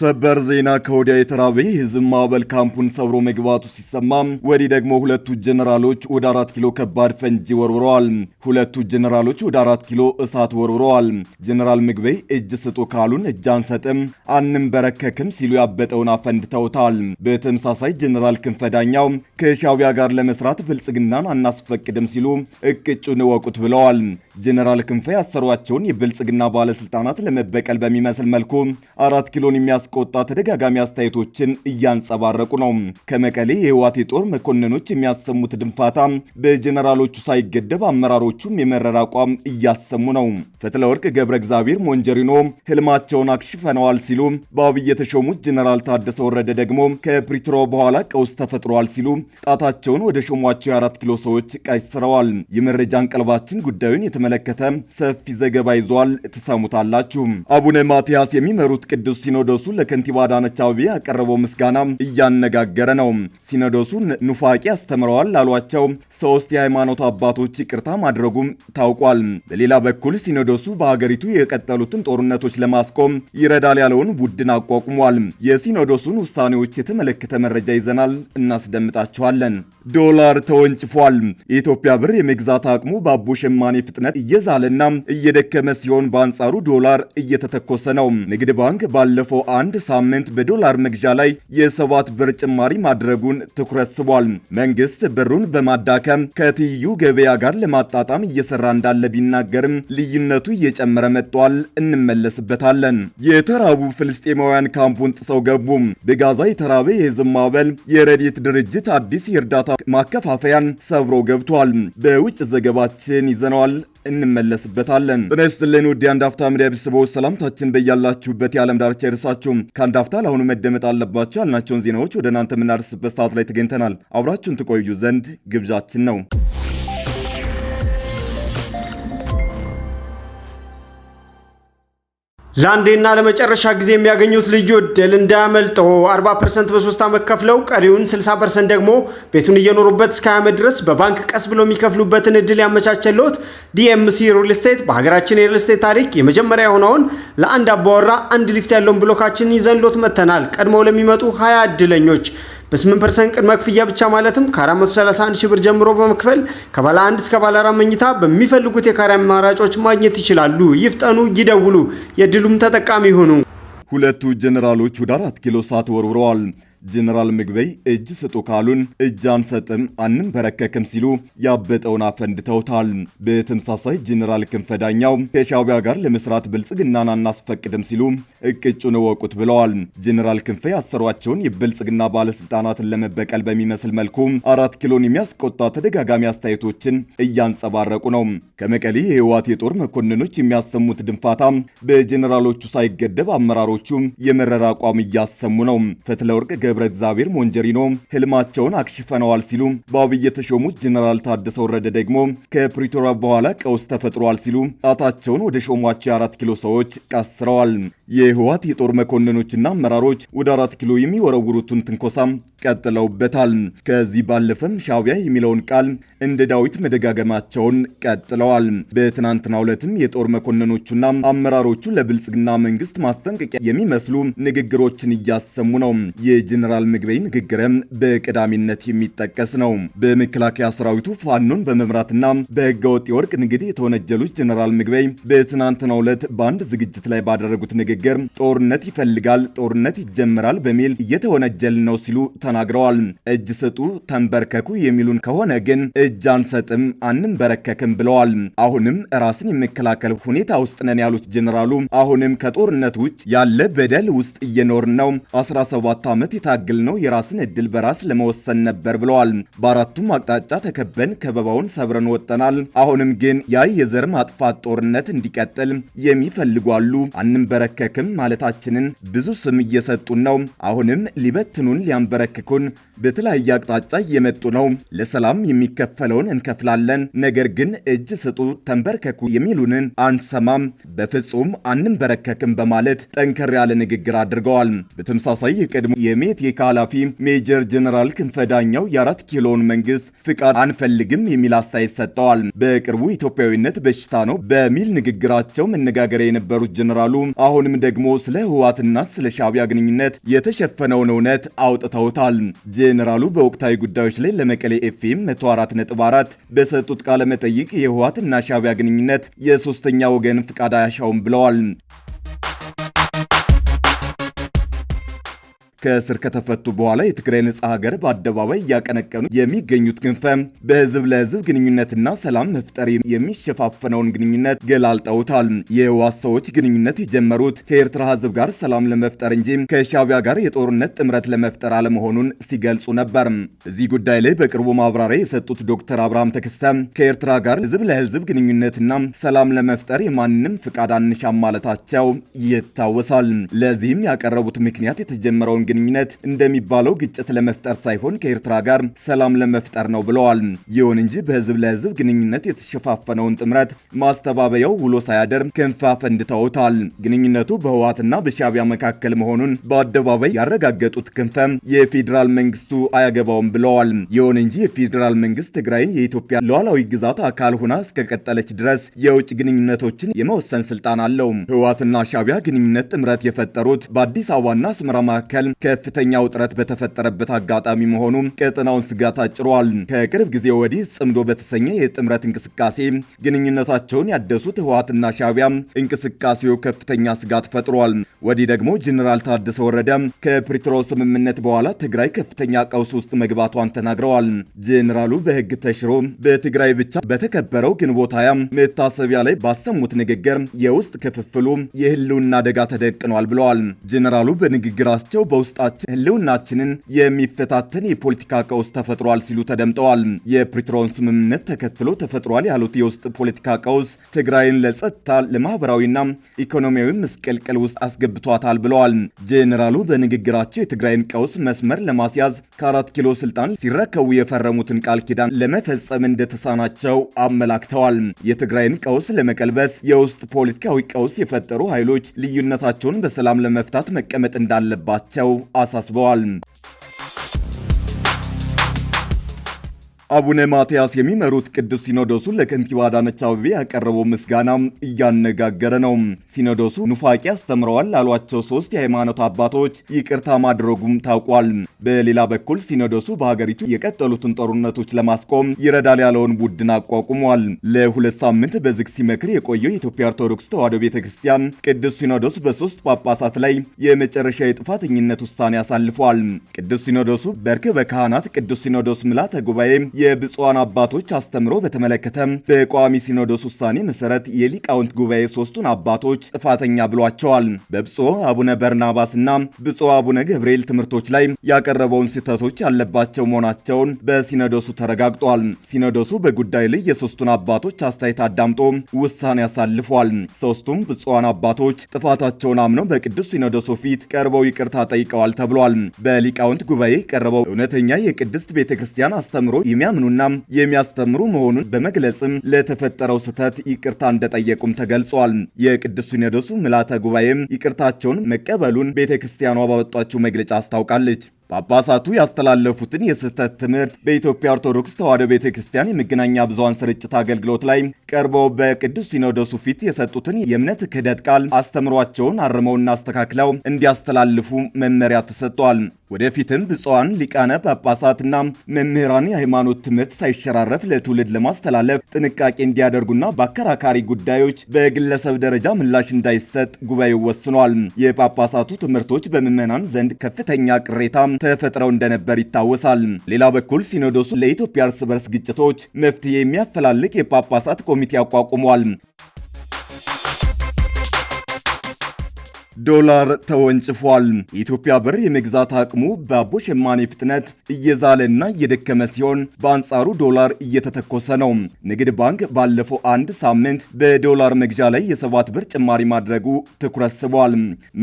ሰበር ዜና ከወዲያ የተራበ ህዝብ ማዕበል ካምፑን ሰብሮ መግባቱ ሲሰማ ወዲህ ደግሞ ሁለቱ ጀነራሎች ወደ አራት ኪሎ ከባድ ፈንጂ ወርውረዋል። ሁለቱ ጀነራሎች ወደ አራት ኪሎ እሳት ወርውረዋል። ጀነራል ምግበይ እጅ ስጡ ካሉን እጅ አንሰጥም አንንበረከክም ሲሉ ያበጠውን አፈንድተውታል። በተመሳሳይ ጀነራል ክንፈዳኛው ከሻቢያ ጋር ለመስራት ብልጽግናን አናስፈቅድም ሲሉ እቅጩን እወቁት ብለዋል። ጀነራል ክንፈ ያሰሯቸውን የብልጽግና ባለስልጣናት ለመበቀል በሚመስል መልኩ አራት ኪሎን የሚያስቆጣ ተደጋጋሚ አስተያየቶችን እያንጸባረቁ ነው። ከመቀሌ የህወሓት የጦር መኮንኖች የሚያሰሙት ድንፋታ በጀኔራሎቹ ሳይገደብ አመራሮቹም የመረር አቋም እያሰሙ ነው። ፈትለወርቅ ገብረ እግዚአብሔር ሞንጀሪኖ ህልማቸውን አክሽፈነዋል ሲሉ በአብይ የተሾሙት ጀኔራል ታደሰ ወረደ ደግሞ ከፕሪትሮ በኋላ ቀውስ ተፈጥሯል ሲሉ ጣታቸውን ወደ ሾሟቸው የአራት ኪሎ ሰዎች ቀይስረዋል። የመረጃ እንቀልባችን ጉዳዩን የተመ በተመለከተ ሰፊ ዘገባ ይዟል። ትሰሙታላችሁ። አቡነ ማትያስ የሚመሩት ቅዱስ ሲኖዶሱ ለከንቲባ አዳነች አቤቤ ያቀረበው ምስጋና እያነጋገረ ነው። ሲኖዶሱ ኑፋቄ አስተምረዋል ላሏቸው ሶስት የሃይማኖት አባቶች ይቅርታ ማድረጉም ታውቋል። በሌላ በኩል ሲኖዶሱ በሀገሪቱ የቀጠሉትን ጦርነቶች ለማስቆም ይረዳል ያለውን ቡድን አቋቁሟል። የሲኖዶሱን ውሳኔዎች የተመለከተ መረጃ ይዘናል፣ እናስደምጣቸዋለን። ዶላር ተወንጭፏል። የኢትዮጵያ ብር የመግዛት አቅሙ በአቦ ሸማኔ ፍጥነት በፍጥነት እየዛለና እየደከመ ሲሆን በአንጻሩ ዶላር እየተተኮሰ ነው። ንግድ ባንክ ባለፈው አንድ ሳምንት በዶላር መግዣ ላይ የሰባት ብር ጭማሪ ማድረጉን ትኩረት ስቧል። መንግስት ብሩን በማዳከም ከትይዩ ገበያ ጋር ለማጣጣም እየሰራ እንዳለ ቢናገርም ልዩነቱ እየጨመረ መጥቷል። እንመለስበታለን። የተራቡ ፍልስጤማውያን ካምፑን ጥሰው ገቡ። በጋዛ የተራበ የህዝብ ማዕበል የረዴት ድርጅት አዲስ የእርዳታ ማከፋፈያን ሰብሮ ገብቷል። በውጭ ዘገባችን ይዘነዋል። እንመለስበታለን። ጤና ይስጥልን ውድ የአንድ አፍታ ሚዲያ ቤተሰቦች ሰላምታችን በያላችሁበት የዓለም ዳርቻ ይድረሳችሁ። ከአንድ አፍታ ለአሁኑ መደመጥ አለባቸው ያልናቸውን ዜናዎች ወደ እናንተ የምናደርስበት ሰዓት ላይ ተገኝተናል። አብራችሁን ትቆዩ ዘንድ ግብዣችን ነው። ለአንዴና ለመጨረሻ ጊዜ የሚያገኙት ልዩ እድል እንዳያመልጠው 40 ፐርሰንት በሶስት ዓመት ከፍለው ቀሪውን 60 ፐርሰንት ደግሞ ቤቱን እየኖሩበት እስከ ዓመት ድረስ በባንክ ቀስ ብሎ የሚከፍሉበትን እድል ያመቻቸለት ዲኤምሲ ሪል ስቴት በሀገራችን የሪል ስቴት ታሪክ የመጀመሪያ የሆነውን ለአንድ አባወራ አንድ ሊፍት ያለውን ብሎካችን ይዘንሎት መጥተናል። ቀድመው ለሚመጡ 20 እድለኞች በ8% ቅድመ ክፍያ ብቻ ማለትም ከ431 ሺ ብር ጀምሮ በመክፈል ከባለ 1 እስከ ባለ 4 መኝታ በሚፈልጉት የካሬ አማራጮች ማግኘት ይችላሉ። ይፍጠኑ፣ ይደውሉ፣ የድሉም ተጠቃሚ ይሁኑ። ሁለቱ ጀኔራሎች ወደ አራት ኪሎ ሰዓት ወርውረዋል። ጀነራል ምግበይ እጅ ስጡ ካሉን እጅ አንሰጥም አንንበረከክም ሲሉ ያበጠውን አፈንድተውታል። በተመሳሳይ ጄኔራል ክንፈ ዳኛው ጋር ለመስራት ብልጽግናን አናስፈቅድም ሲሉ እቅጩን እወቁት ብለዋል። ጀኔራል ክንፈ ያሰሯቸውን የብልጽግና ባለስልጣናትን ለመበቀል በሚመስል መልኩ አራት ኪሎን የሚያስቆጣ ተደጋጋሚ አስተያየቶችን እያንጸባረቁ ነው። ከመቀሌ የህወሓት የጦር መኮንኖች የሚያሰሙት ድንፋታ በጀነራሎቹ ሳይገደብ አመራሮቹ የመረረ አቋም እያሰሙ ነው። ፈትለወርቅ ገብረ እግዚአብሔር ሞንጀሪኖ ህልማቸውን አክሽፈነዋል ሲሉ በአብይ የተሾሙት ጀነራል ታደሰ ወረደ ደግሞ ከፕሪቶሪያ በኋላ ቀውስ ተፈጥሯል ሲሉ ጣታቸውን ወደ ሾሟቸው የአራት ኪሎ ሰዎች ቀስረዋል። የህወሓት የጦር መኮንኖችና አመራሮች ወደ አራት ኪሎ የሚወረውሩትን ትንኮሳም ቀጥለውበታል። ከዚህ ባለፈም ሻቢያ የሚለውን ቃል እንደ ዳዊት መደጋገማቸውን ቀጥለዋል። በትናንትናው ዕለትም የጦር መኮንኖቹና አመራሮቹ ለብልጽግና መንግስት ማስጠንቀቂያ የሚመስሉ ንግግሮችን እያሰሙ ነው። የጀኔራል ምግበይ ንግግርም በቀዳሚነት የሚጠቀስ ነው። በመከላከያ ሰራዊቱ ፋኖን በመምራትና በህገወጥ የወርቅ ንግድ የተወነጀሉት ጀኔራል ምግበይ በትናንትናው ዕለት በአንድ ዝግጅት ላይ ባደረጉት ንግግር ጦርነት ይፈልጋል፣ ጦርነት ይጀምራል በሚል እየተወነጀል ነው ሲሉ ተናግረዋል። እጅ ስጡ፣ ተንበርከኩ የሚሉን ከሆነ ግን እጅ አንሰጥም፣ አንንበረከክም ብለዋል። አሁንም ራስን የመከላከል ሁኔታ ውስጥ ነን ያሉት ጀኔራሉ አሁንም ከጦርነት ውጭ ያለ በደል ውስጥ እየኖርን ነው። 17 ዓመት የታግል ነው የራስን እድል በራስ ለመወሰን ነበር ብለዋል። በአራቱም አቅጣጫ ተከበን ከበባውን ሰብረን ወጠናል። አሁንም ግን ያ የዘር ማጥፋት ጦርነት እንዲቀጥል የሚፈልጉ አሉ። አንንበረከክም ማለታችንን ብዙ ስም እየሰጡን ነው። አሁንም ሊበትኑን ሊያንበረከ ሊያንበረክኩን በተለያየ አቅጣጫ እየመጡ ነው። ለሰላም የሚከፈለውን እንከፍላለን፣ ነገር ግን እጅ ስጡ፣ ተንበርከኩ የሚሉንን አንሰማም፣ በፍጹም አንንበረከክም በማለት ጠንከር ያለ ንግግር አድርገዋል። በተመሳሳይ የቀድሞ የሜቴክ ኃላፊ ሜጀር ጀነራል ክንፈ ዳኘው የአራት ኪሎን መንግስት ፍቃድ አንፈልግም የሚል አስተያየት ሰጥተዋል። በቅርቡ ኢትዮጵያዊነት በሽታ ነው በሚል ንግግራቸው መነጋገሪያ የነበሩት ጀነራሉ አሁንም ደግሞ ስለ ህዋትና ስለ ሻቢያ ግንኙነት የተሸፈነውን እውነት አውጥተውታል። ተናግረዋል። ጄኔራሉ በወቅታዊ ጉዳዮች ላይ ለመቀሌ ኤፍኤም 144 በሰጡት ቃለ መጠይቅ እና ሻቢያ ግንኙነት የሶስተኛ ወገን ፍቃድ አያሻውም ብለዋል። ከእስር ከተፈቱ በኋላ የትግራይ ነጻ ሀገር በአደባባይ እያቀነቀኑ የሚገኙት ክንፈ በህዝብ ለህዝብ ግንኙነትና ሰላም መፍጠር የሚሸፋፈነውን ግንኙነት ገላልጠውታል። የህወሓት ሰዎች ግንኙነት የጀመሩት ከኤርትራ ህዝብ ጋር ሰላም ለመፍጠር እንጂ ከሻቢያ ጋር የጦርነት ጥምረት ለመፍጠር አለመሆኑን ሲገልጹ ነበር። እዚህ ጉዳይ ላይ በቅርቡ ማብራሪያ የሰጡት ዶክተር አብርሃም ተከስተ ከኤርትራ ጋር ህዝብ ለህዝብ ግንኙነትና ሰላም ለመፍጠር የማንም ፍቃድ አንሻም ማለታቸው ይታወሳል። ለዚህም ያቀረቡት ምክንያት የተጀመረውን ግንኙነት እንደሚባለው ግጭት ለመፍጠር ሳይሆን ከኤርትራ ጋር ሰላም ለመፍጠር ነው ብለዋል። ይሁን እንጂ በህዝብ ለህዝብ ግንኙነት የተሸፋፈነውን ጥምረት ማስተባበያው ውሎ ሳያደር ክንፍ አፈንድተውታል። ግንኙነቱ በህወሓትና በሻቢያ መካከል መሆኑን በአደባባይ ያረጋገጡት ክንፈ የፌዴራል መንግስቱ አያገባውም ብለዋል። ይሁን እንጂ የፌዴራል መንግስት ትግራይን የኢትዮጵያ ሉዓላዊ ግዛት አካል ሆና እስከቀጠለች ድረስ የውጭ ግንኙነቶችን የመወሰን ስልጣን አለው። ህወሓትና ሻቢያ ግንኙነት ጥምረት የፈጠሩት በአዲስ አበባና አስመራ መካከል ከፍተኛ ውጥረት በተፈጠረበት አጋጣሚ መሆኑ ቀጠናውን ስጋት አጭሯል። ከቅርብ ጊዜ ወዲህ ጽምዶ በተሰኘ የጥምረት እንቅስቃሴ ግንኙነታቸውን ያደሱት ህወሓትና ሻቢያ እንቅስቃሴው ከፍተኛ ስጋት ፈጥሯል። ወዲህ ደግሞ ጀኔራል ታደሰ ወረደ ከፕሪቶሪያው ስምምነት በኋላ ትግራይ ከፍተኛ ቀውስ ውስጥ መግባቷን ተናግረዋል። ጀኔራሉ በህግ ተሽሮ በትግራይ ብቻ በተከበረው ግንቦት ሃያ መታሰቢያ ላይ ባሰሙት ንግግር የውስጥ ክፍፍሉ የህልውና አደጋ ተደቅኗል ብለዋል። ጀኔራሉ በንግግራቸው በውስጥ ውስጣችን ህልውናችንን የሚፈታተን የፖለቲካ ቀውስ ተፈጥሯል ሲሉ ተደምጠዋል። የፕሪቶሪያውን ስምምነት ተከትሎ ተፈጥሯል ያሉት የውስጥ ፖለቲካ ቀውስ ትግራይን ለጸጥታ ለማህበራዊና ኢኮኖሚያዊ መስቀልቀል ውስጥ አስገብቷታል ብለዋል። ጄኔራሉ በንግግራቸው የትግራይን ቀውስ መስመር ለማስያዝ ከአራት ኪሎ ስልጣን ሲረከቡ የፈረሙትን ቃል ኪዳን ለመፈጸም እንደተሳናቸው አመላክተዋል። የትግራይን ቀውስ ለመቀልበስ የውስጥ ፖለቲካዊ ቀውስ የፈጠሩ ኃይሎች ልዩነታቸውን በሰላም ለመፍታት መቀመጥ እንዳለባቸው አሳስበዋል። አቡነ ማትያስ የሚመሩት ቅዱስ ሲኖዶሱ ለከንቲባ አዳነች አቤቤ ያቀረበው ምስጋና እያነጋገረ ነው። ሲኖዶሱ ኑፋቄ አስተምረዋል ላሏቸው ሶስት የሃይማኖት አባቶች ይቅርታ ማድረጉም ታውቋል። በሌላ በኩል ሲኖዶሱ በሀገሪቱ የቀጠሉትን ጦርነቶች ለማስቆም ይረዳል ያለውን ቡድን አቋቁሟል። ለሁለት ሳምንት በዝግ ሲመክር የቆየው የኢትዮጵያ ኦርቶዶክስ ተዋሕዶ ቤተ ክርስቲያን ቅዱስ ሲኖዶስ በሶስት ጳጳሳት ላይ የመጨረሻ የጥፋተኝነት ውሳኔ አሳልፏል። ቅዱስ ሲኖዶሱ በርክ በካህናት ቅዱስ ሲኖዶስ ምልዓተ ጉባኤ የብፁዓን አባቶች አስተምሮ በተመለከተ በቋሚ ሲኖዶስ ውሳኔ መሰረት የሊቃውንት ጉባኤ ሶስቱን አባቶች ጥፋተኛ ብሏቸዋል። በብፁዕ አቡነ በርናባስና ብፁዕ አቡነ ገብርኤል ትምህርቶች ላይ ያቀረበውን ስህተቶች ያለባቸው መሆናቸውን በሲኖዶሱ ተረጋግጧል። ሲኖዶሱ በጉዳዩ ላይ የሶስቱን አባቶች አስተያየት አዳምጦ ውሳኔ አሳልፏል። ሶስቱም ብፁዓን አባቶች ጥፋታቸውን አምነው በቅዱስ ሲኖዶሱ ፊት ቀርበው ይቅርታ ጠይቀዋል ተብሏል። በሊቃውንት ጉባኤ ቀረበው እውነተኛ የቅድስት ቤተ ክርስቲያን አስተምሮ የሚያ የሚያምኑና የሚያስተምሩ መሆኑን በመግለጽም ለተፈጠረው ስህተት ይቅርታ እንደጠየቁም ተገልጿል። የቅዱስ ሲኖዶሱ ምልዓተ ጉባኤም ይቅርታቸውን መቀበሉን ቤተ ክርስቲያኗ ባወጣችው መግለጫ አስታውቃለች። ጳጳሳቱ ያስተላለፉትን የስህተት ትምህርት በኢትዮጵያ ኦርቶዶክስ ተዋሕዶ ቤተ ክርስቲያን የመገናኛ ብዙሃን ስርጭት አገልግሎት ላይ ቀርበው በቅዱስ ሲኖዶሱ ፊት የሰጡትን የእምነት ክህደት ቃል አስተምሯቸውን አርመውና አስተካክለው እንዲያስተላልፉ መመሪያ ተሰጥቷል። ወደፊትም ብፁዓን ሊቃነ ጳጳሳትና መምህራን የሃይማኖት ትምህርት ሳይሸራረፍ ለትውልድ ለማስተላለፍ ጥንቃቄ እንዲያደርጉና በአከራካሪ ጉዳዮች በግለሰብ ደረጃ ምላሽ እንዳይሰጥ ጉባኤው ወስኗል። የጳጳሳቱ ትምህርቶች በምዕመናን ዘንድ ከፍተኛ ቅሬታ ተፈጥረው እንደነበር ይታወሳል። ሌላ በኩል ሲኖዶሱ ለኢትዮጵያ እርስ በርስ ግጭቶች መፍትሄ የሚያፈላልቅ የጳጳሳት ኮሚቴ አቋቁሟል። ዶላር ተወንጭፏል። የኢትዮጵያ ብር የመግዛት አቅሙ በአቦ ሸማኔ ፍጥነት እየዛለና እየደከመ ሲሆን፣ በአንጻሩ ዶላር እየተተኮሰ ነው። ንግድ ባንክ ባለፈው አንድ ሳምንት በዶላር መግዣ ላይ የሰባት ብር ጭማሪ ማድረጉ ትኩረት ስቧል።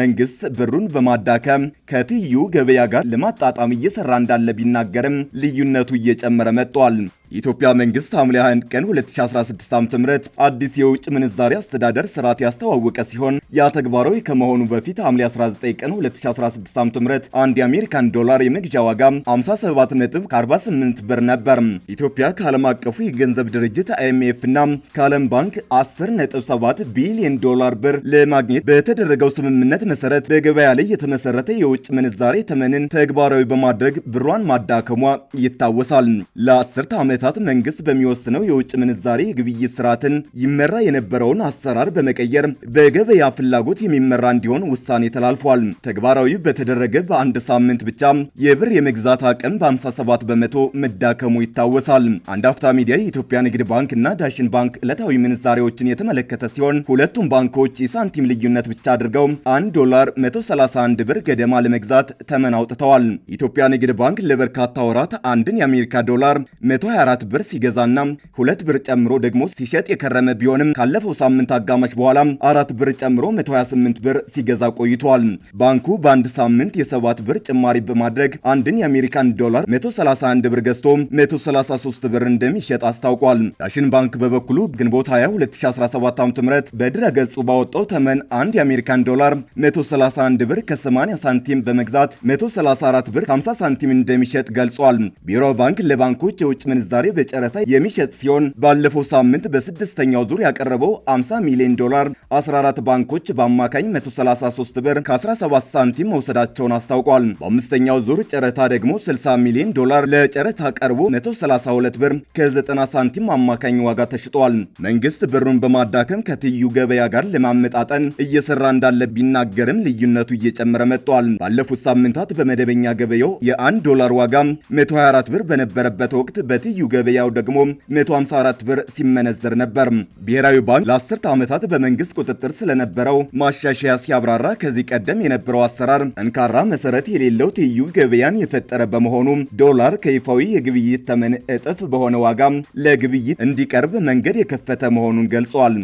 መንግስት ብሩን በማዳከም ከትይዩ ገበያ ጋር ለማጣጣም እየሰራ እንዳለ ቢናገርም ልዩነቱ እየጨመረ መጥቷል። የኢትዮጵያ መንግስት ሐምሌ 21 ቀን 2016 ዓ.ም አዲስ የውጭ ምንዛሪ አስተዳደር ስርዓት ያስተዋወቀ ሲሆን ያ ተግባራዊ ከመሆኑ በፊት ሐምሌ 19 ቀን 2016 ዓ.ም አንድ የአሜሪካን ዶላር የመግዣ ዋጋ 57.48 ብር ነበር። ኢትዮጵያ ከዓለም አቀፉ የገንዘብ ድርጅት አይኤምኤፍ እና ከዓለም ባንክ 10.7 ቢሊዮን ዶላር ብር ለማግኘት በተደረገው ስምምነት መሰረት በገበያ ላይ የተመሰረተ የውጭ ምንዛሬ ተመንን ተግባራዊ በማድረግ ብሯን ማዳከሟ ይታወሳል። ለአስርተ ዓመት ዓመታት መንግስት በሚወስነው የውጭ ምንዛሬ የግብይት ስርዓትን ይመራ የነበረውን አሰራር በመቀየር በገበያ ፍላጎት የሚመራ እንዲሆን ውሳኔ ተላልፏል። ተግባራዊ በተደረገ በአንድ ሳምንት ብቻ የብር የመግዛት አቅም በ57 በመቶ መዳከሙ ይታወሳል። አንድ አፍታ ሚዲያ የኢትዮጵያ ንግድ ባንክ እና ዳሽን ባንክ ዕለታዊ ምንዛሬዎችን የተመለከተ ሲሆን ሁለቱም ባንኮች የሳንቲም ልዩነት ብቻ አድርገው 1 ዶላር 131 ብር ገደማ ለመግዛት ተመን አውጥተዋል። ኢትዮጵያ ንግድ ባንክ ለበርካታ ወራት አንድን የአሜሪካ ዶላር 120 አራት ብር ሲገዛና ሁለት ብር ጨምሮ ደግሞ ሲሸጥ የከረመ ቢሆንም ካለፈው ሳምንት አጋማሽ በኋላ አራት ብር ጨምሮ 128 ብር ሲገዛ ቆይቷል። ባንኩ በአንድ ሳምንት የሰባት ብር ጭማሪ በማድረግ አንድን የአሜሪካን ዶላር 131 ብር ገዝቶ 133 ብር እንደሚሸጥ አስታውቋል። ዳሽን ባንክ በበኩሉ ግንቦት 22 2017 ዓ ም በድረ ገጹ ባወጣው ተመን አንድ የአሜሪካን ዶላር 131 ብር ከ80 ሳንቲም በመግዛት 134 ብር 50 ሳንቲም እንደሚሸጥ ገልጿል። ቢሮ ባንክ ለባንኮች የውጭ ምንዛ ምንዛሬ በጨረታ የሚሸጥ ሲሆን ባለፈው ሳምንት በስድስተኛው ዙር ያቀረበው 50 ሚሊዮን ዶላር 14 ባንኮች በአማካኝ 133 ብር ከ17 ሳንቲም መውሰዳቸውን አስታውቋል። በአምስተኛው ዙር ጨረታ ደግሞ 60 ሚሊዮን ዶላር ለጨረታ ቀርቦ 132 ብር ከ90 ሳንቲም አማካኝ ዋጋ ተሽጧል። መንግስት ብሩን በማዳከም ከትዩ ገበያ ጋር ለማመጣጠን እየሰራ እንዳለ ቢናገርም ልዩነቱ እየጨመረ መጥቷል። ባለፉት ሳምንታት በመደበኛ ገበያው የአንድ ዶላር ዋጋ 124 ብር በነበረበት ወቅት በትዩ ገበያው ደግሞ 154 ብር ሲመነዘር ነበር። ብሔራዊ ባንክ ለአስርተ ዓመታት በመንግስት ቁጥጥር ስለነበረው ማሻሻያ ሲያብራራ ከዚህ ቀደም የነበረው አሰራር ጠንካራ መሰረት የሌለው ትይዩ ገበያን የፈጠረ በመሆኑ ዶላር ከይፋዊ የግብይት ተመን እጥፍ በሆነ ዋጋ ለግብይት እንዲቀርብ መንገድ የከፈተ መሆኑን ገልጿል።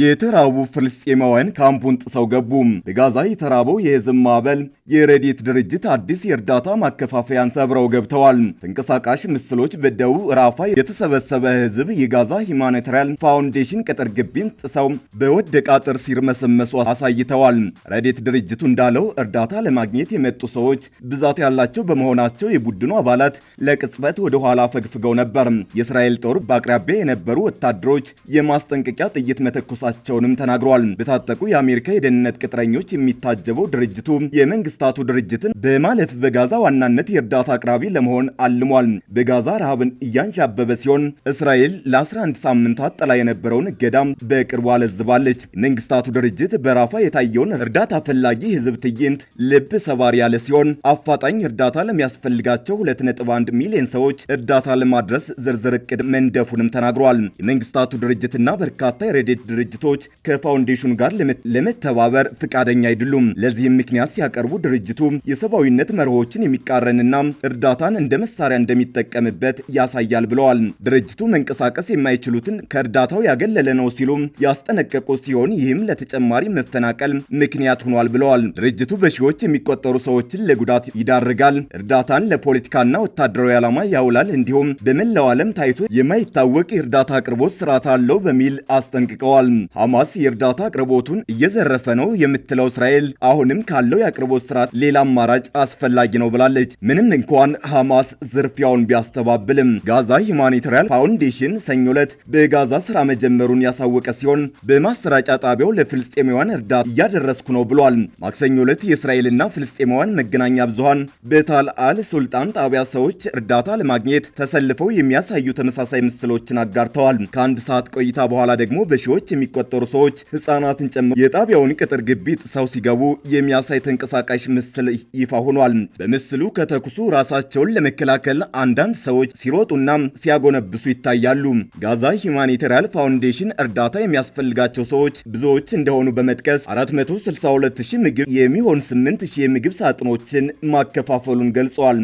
የተራቡ ፍልስጤማውያን ካምፑን ጥሰው ገቡ። በጋዛ የተራበው የህዝብ ማዕበል የረድኤት ድርጅት አዲስ የእርዳታ ማከፋፈያን ሰብረው ገብተዋል። ተንቀሳቃሽ ምስሎች በደቡብ ራፋ የተሰበሰበ ህዝብ የጋዛ ሂማኒታሪያን ፋውንዴሽን ቅጥር ግቢን ጥሰው በወደቀ አጥር ሲርመሰመሱ አሳይተዋል። ረድኤት ድርጅቱ እንዳለው እርዳታ ለማግኘት የመጡ ሰዎች ብዛት ያላቸው በመሆናቸው የቡድኑ አባላት ለቅጽበት ወደ ኋላ ፈግፍገው ነበር። የእስራኤል ጦር በአቅራቢያ የነበሩ ወታደሮች የማስጠንቀቂያ ጥይት መተኮሳ መግለጻቸውንም ተናግረዋል። በታጠቁ የአሜሪካ የደህንነት ቅጥረኞች የሚታጀበው ድርጅቱ የመንግስታቱ ድርጅትን በማለት በጋዛ ዋናነት የእርዳታ አቅራቢ ለመሆን አልሟል። በጋዛ ረሃብን እያንዣበበ ሲሆን እስራኤል ለ11 ሳምንታት ጥላ የነበረውን እገዳም በቅርቡ አለዝባለች። መንግስታቱ ድርጅት በራፋ የታየውን እርዳታ ፈላጊ ህዝብ ትዕይንት ልብ ሰባር ያለ ሲሆን አፋጣኝ እርዳታ ለሚያስፈልጋቸው 2.1 ሚሊዮን ሰዎች እርዳታ ለማድረስ ዝርዝር እቅድ መንደፉንም ተናግሯል። የመንግስታቱ ድርጅትና በርካታ የረዴት ድርጅት ድርጅቶች ከፋውንዴሽኑ ጋር ለመተባበር ፈቃደኛ አይደሉም። ለዚህም ምክንያት ሲያቀርቡ ድርጅቱ የሰብአዊነት መርሆችን የሚቃረንና እርዳታን እንደ መሳሪያ እንደሚጠቀምበት ያሳያል ብለዋል። ድርጅቱ መንቀሳቀስ የማይችሉትን ከእርዳታው ያገለለ ነው ሲሉ ያስጠነቀቁ ሲሆን ይህም ለተጨማሪ መፈናቀል ምክንያት ሆኗል ብለዋል። ድርጅቱ በሺዎች የሚቆጠሩ ሰዎችን ለጉዳት ይዳርጋል፣ እርዳታን ለፖለቲካና ወታደራዊ ዓላማ ያውላል፣ እንዲሁም በመላው ዓለም ታይቶ የማይታወቅ የእርዳታ አቅርቦት ስርዓት አለው በሚል አስጠንቅቀዋል። ሐማስ የእርዳታ አቅርቦቱን እየዘረፈ ነው የምትለው እስራኤል አሁንም ካለው የአቅርቦት ስርዓት ሌላ አማራጭ አስፈላጊ ነው ብላለች። ምንም እንኳን ሐማስ ዝርፊያውን ቢያስተባብልም ጋዛ ሂውማኒታሪያን ፋውንዴሽን ሰኞ ዕለት በጋዛ ስራ መጀመሩን ያሳወቀ ሲሆን በማሰራጫ ጣቢያው ለፍልስጤማውያን እርዳታ እያደረስኩ ነው ብሏል። ማክሰኞ ዕለት የእስራኤልና ፍልስጤማውያን መገናኛ ብዙሃን በታል አል ሱልጣን ጣቢያ ሰዎች እርዳታ ለማግኘት ተሰልፈው የሚያሳዩ ተመሳሳይ ምስሎችን አጋርተዋል። ከአንድ ሰዓት ቆይታ በኋላ ደግሞ በሺዎች የሚ የሚቆጠሩ ሰዎች ህጻናትን ጨምሮ የጣቢያውን ቅጥር ግቢ ጥሰው ሲገቡ የሚያሳይ ተንቀሳቃሽ ምስል ይፋ ሆኗል። በምስሉ ከተኩሱ ራሳቸውን ለመከላከል አንዳንድ ሰዎች ሲሮጡና ሲያጎነብሱ ይታያሉ። ጋዛ ሂማኒቴሪያል ፋውንዴሽን እርዳታ የሚያስፈልጋቸው ሰዎች ብዙዎች እንደሆኑ በመጥቀስ 462 ምግብ የሚሆን 8000 ሺህ የምግብ ሳጥኖችን ማከፋፈሉን ገልጿል።